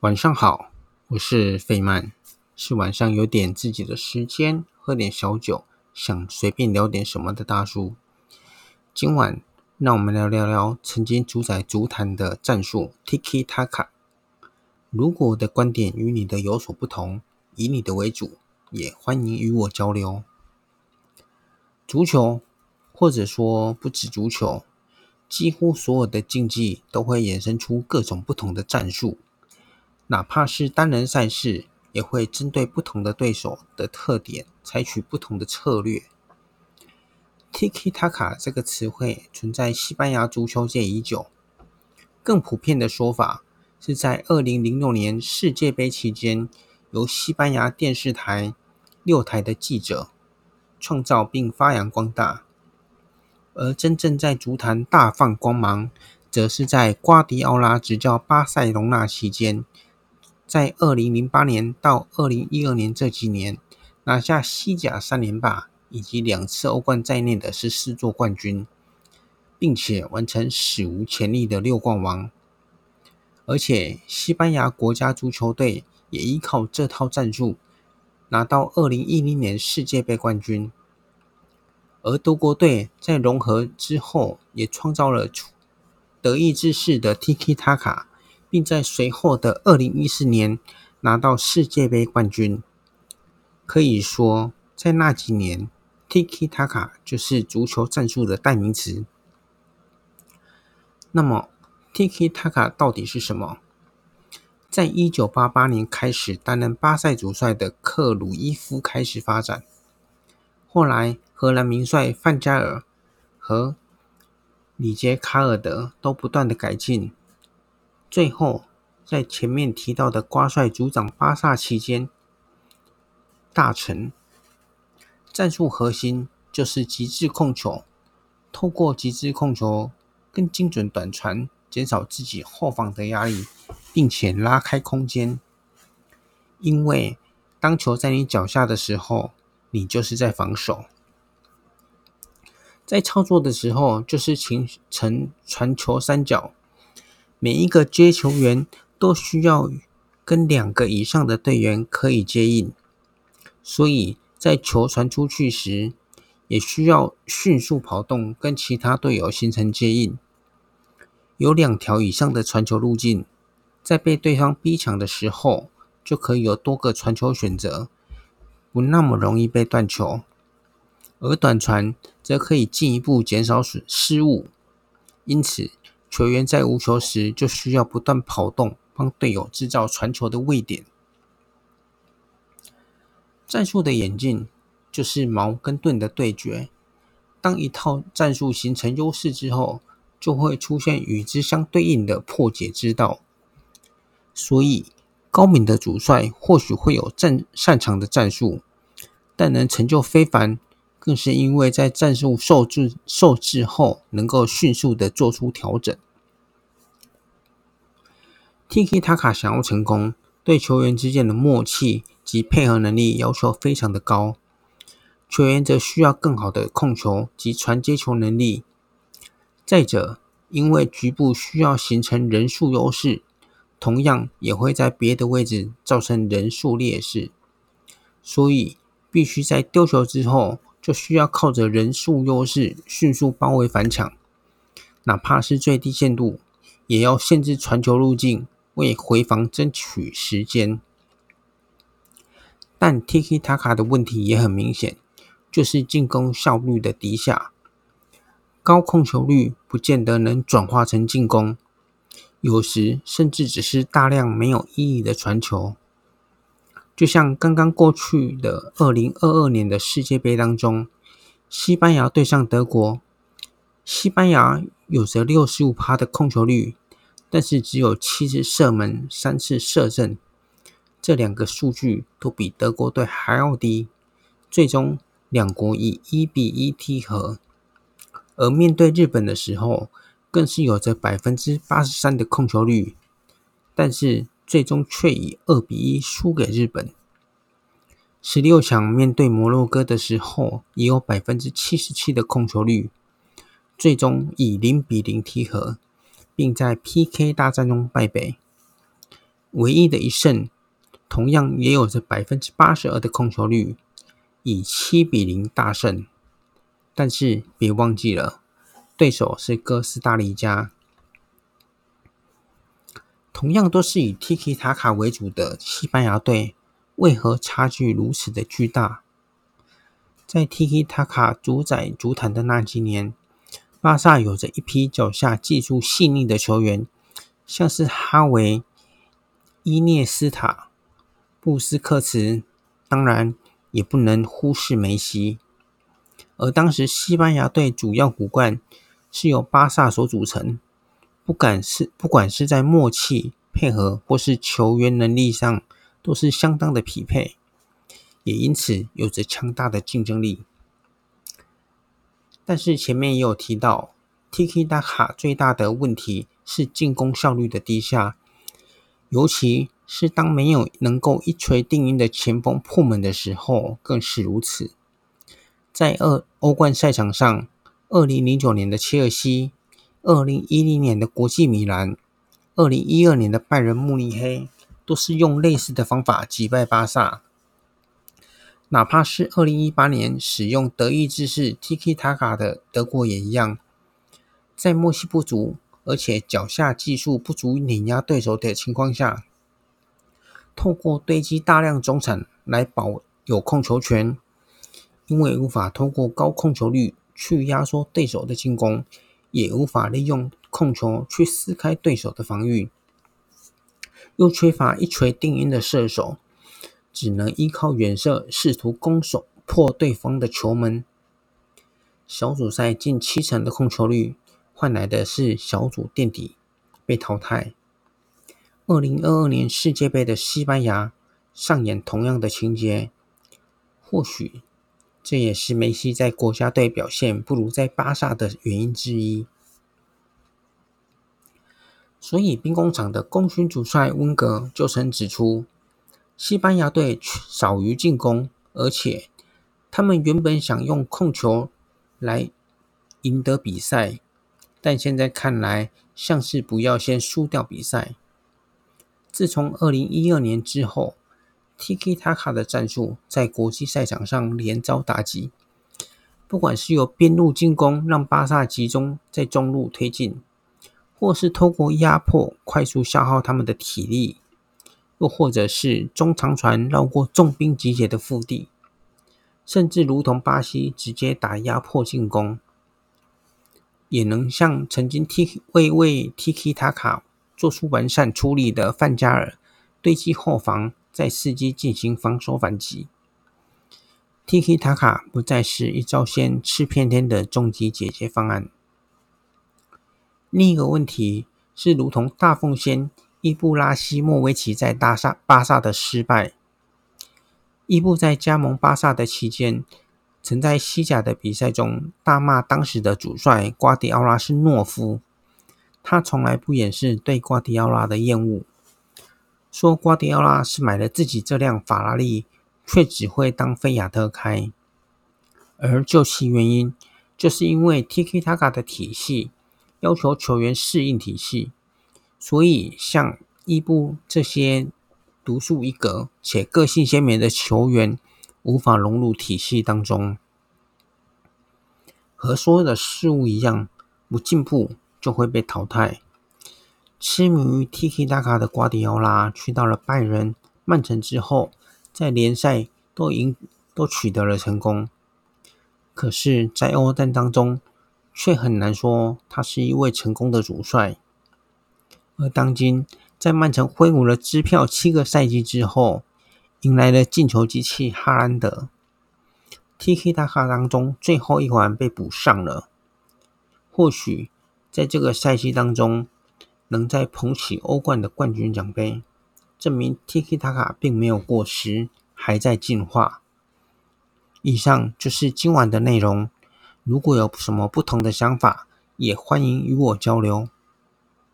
晚上好，我是費曼，是晚上有點自己的時間，喝點小酒，想隨便聊點什麼的大叔。今晚讓我們來聊聊曾經主宰足壇的戰術 Tiki Taka。如果我的觀點與你的有所不同，以你的為主，也歡迎與我交流。足球，或者說不止足球，幾乎所有的競技都會衍生出各種不同的戰術。哪怕是單人賽事，也會針對不同的對手的特點，採取不同的策略。Tiki Taka 這個詞彙存在西班牙足球界已久，更普遍的說法是在2006年世界杯期間，由西班牙電視台六台的記者創造並發揚光大。而真正在足壇大放光芒，則是在瓜迪奧拉執教巴塞隆那期間。在2008年到2012年這幾年，拿下西甲三連霸以及兩次歐冠在內的十四座冠軍，並且完成史無前例的六冠王。而且，西班牙國家足球隊也依靠這套戰術拿到2010年世界杯冠軍。而德國隊在融合之後，也創造了出德意志式的 Tiki-taka。並在隨後的二零一四年拿到世界杯冠軍，可以說在那幾年，Tiki Taka 就是足球戰術的代名詞。那麼，Tiki Taka 到底是什麼？在一九八八年開始擔任巴塞主帥的克魯伊夫開始發展，後來荷蘭名帥范加爾和裡杰卡爾德都不斷的改進。最後，在前面提到的瓜帥主掌巴薩期間，大成戰術核心就是極致控球，透過極致控球、更精準短傳，減少自己後防的壓力，並且拉開空間。因為當球在你腳下的時候，你就是在防守。在操作的時候，就是形成傳球三角。每一個接球員都需要跟兩個以上的隊員可以接應，所以在球傳出去時，也需要迅速跑動，跟其他隊友形成接應。有兩條以上的傳球路徑，在被對方逼搶的時候，就可以有多個傳球選擇，不那麼容易被斷球。而短傳則可以進一步減少失失誤，因此。球員在無球時就需要不斷跑動，幫隊友制造傳球的位點。戰術的演進就是矛跟盾的對決。當一套戰術形成優勢之後，就會出現與之相對應的破解之道。所以，高明的主帥或許會有戰擅長的戰術，但能成就非凡。更是因為在戰術受制受制後，能夠迅速地做出調整。Tiki-taka 想要成功，對球員之間的默契及配合能力要求非常的高。球員則需要更好的控球及傳接球能力。再者，因為局部需要形成人數優勢，同樣也會在別的位置造成人數劣勢，所以必須在丟球之後，就需要靠着人數優勢迅速包圍反搶，哪怕是最低限度，也要限制傳球路徑，為回防爭取時間。但 Tiki-taka 的問題也很明顯，就是進攻效率的低下，高控球率不見得能轉化成進攻，有時甚至只是大量沒有意義的傳球。就像剛剛過去的二零二二年的世界盃當中，西班牙對上德國，西班牙有着六十五趴的控球率，但是只有七次射門，三次射正，這兩個數據都比德國隊還要低。最終，兩國以一比一踢和。而面對日本的時候，更是有着百分之八十三的控球率，但是，最終卻以二比一輸給日本。十六強面對摩洛哥的時候，也有百分之七十七的控球率，最終以零比零踢和，並在 PK 大戰中敗北。唯一的一勝，同樣也有着百分之八十二的控球率，以七比零大勝。但是別忘記了，對手是哥斯達黎加。同樣都是以 Tiki 塔卡為主的西班牙隊，為何差距如此的巨大？在 Tiki 塔卡主宰足壇的那幾年，巴薩有着一批腳下技術細膩的球員，像是哈維、伊涅斯塔、布斯克茨，當然也不能忽視梅西。而當時西班牙隊主要骨幹是由巴薩所組成。不管是不管是在默契配合，或是球員能力上，都是相當的匹配，也因此有着強大的競爭力。但是前面也有提到，tiki-taka 最大的問題是進攻效率的低下，尤其是當沒有能夠一錘定音的前鋒破門的時候，更是如此。在二歐冠賽場上，二零零九年的切爾西。二零一零年的國際米蘭，二零一二年的拜仁慕尼黑，都是用類似的方法擊敗巴薩。哪怕是二零一八年使用德意志式 Tiki-taka 的德國也一樣，在默契不足，而且腳下技術不足以碾壓對手的情況下，透過堆積大量中場來保有控球權，因為無法通過高控球率去壓縮對手的進攻。也無法利用控球去撕開對手的防禦，又缺乏一錘定音的射手，只能依靠遠射試圖攻守破對方的球門。小組賽近七成的控球率，換來的是小組墊底被淘汰。二零二二年世界杯的西班牙上演同樣的情節，或許。這也是梅西在國家隊表現不如在巴薩的原因之一。所以，兵工廠的功勳主帥溫格就曾指出，西班牙隊少於進攻，而且他們原本想用控球來贏得比賽，但現在看來像是不要先輸掉比賽。自從二零一二年之後。Tiki-taka 的戰術在國際賽場上連遭打擊，不管是由邊路進攻讓巴薩集中在中路推進，或是透過壓迫快速消耗他們的體力，又或者是中長傳繞過重兵集結的腹地，甚至如同巴西直接打壓迫進攻，也能像曾經替為 Tiki-taka 做出完善處理的范加爾堆積後防，在伺機進行防守反擊。Tiki-taka 不再是一招鮮吃遍天的終極解決方案。另一個問題是，如同大奉先伊布拉西莫維奇在巴薩巴薩的失敗。伊布在加盟巴薩的期間，曾在西甲的比賽中大罵當時的主帥瓜迪奧拉是懦夫。他從來不掩飾對瓜迪奧拉的厭惡。說瓜迪奧拉是買了自己這輛法拉利，卻只會當菲亞特開。而究其原因，就是因為 T.K. 塔卡的體系要求球員適應體系，所以像伊布這些獨樹一格且個性鮮明的球員無法融入體系當中。和所有的事物一樣，不進步就會被淘汰。痴迷於 tiki-taka 的瓜迪奧拉，去到了拜仁、曼城之後，在聯賽都贏、都取得了成功，可是，在歐戰當中卻很難說他是一位成功的主帥。而當今，在曼城揮舞了支票七個賽季之後，迎來了進球機器哈蘭德，tiki-taka 當中最後一環被補上了。或許在這個賽季當中。能再捧起歐冠的冠軍獎杯，證明 Tiki-taka 並沒有過時，還在進化。以上就是今晚的內容，如果有什麼不同的想法，也歡迎與我交流。